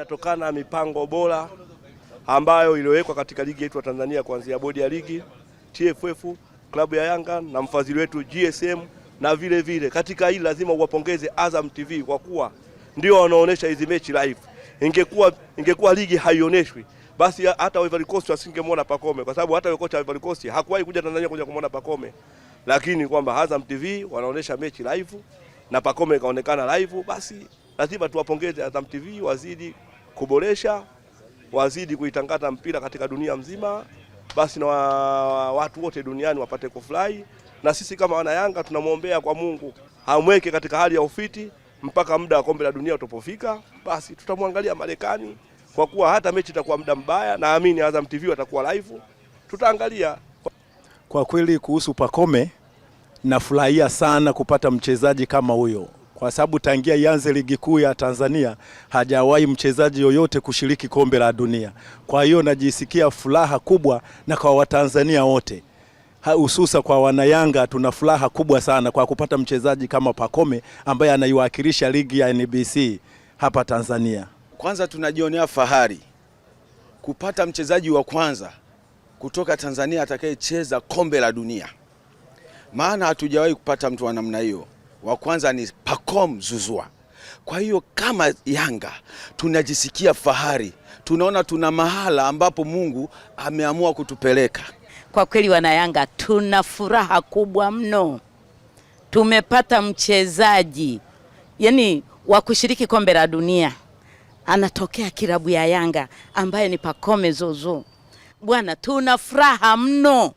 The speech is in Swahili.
inatokana na mipango bora ambayo iliyowekwa katika ligi yetu ya Tanzania kuanzia bodi ya ligi, TFF, klabu ya Yanga na mfadhili wetu GSM, na vile vile katika hili lazima uwapongeze Azam TV kwa kuwa ndio wanaonesha hizi mechi live. Ingekuwa ingekuwa ligi haioneshwi basi hata Ivory Coast wasingemwona Pakome, kwa sababu hata kocha Ivory Coast hakuwahi kuja Tanzania kuja kumwona Pakome, lakini kwamba Azam TV wanaonesha mechi live na Pakome ikaonekana live, basi lazima tuwapongeze Azam TV wazidi kuboresha, wazidi kuitangaza mpira katika dunia mzima, basi na wa, watu wote duniani wapate kufurahi, na sisi kama wana Yanga tunamwombea kwa Mungu amweke katika hali ya ufiti mpaka muda wa kombe la dunia utapofika, basi tutamwangalia Marekani, kwa kuwa hata mechi itakuwa muda mbaya. Naamini Azam TV watakuwa live, tutaangalia. Kwa kweli kuhusu Pakome, nafurahia sana kupata mchezaji kama huyo kwa sababu tangia ianze ligi kuu ya Tanzania hajawahi mchezaji yoyote kushiriki kombe la dunia. Kwa hiyo najisikia furaha kubwa na kwa Watanzania wote hususa kwa wanayanga tuna furaha kubwa sana kwa kupata mchezaji kama Pacome ambaye anaiwakilisha ligi ya NBC hapa Tanzania. Kwanza tunajionea fahari kupata mchezaji wa kwanza kutoka Tanzania atakayecheza kombe la dunia, maana hatujawahi kupata mtu wa namna hiyo wa kwanza ni Pacome Zouzoua. Kwa hiyo kama Yanga tunajisikia fahari, tunaona tuna mahala ambapo Mungu ameamua kutupeleka. Kwa kweli, wana yanga tuna furaha kubwa mno, tumepata mchezaji yani wa kushiriki kombe la dunia anatokea kilabu ya Yanga ambaye ni Pacome Zouzoua. Bwana, tuna furaha mno.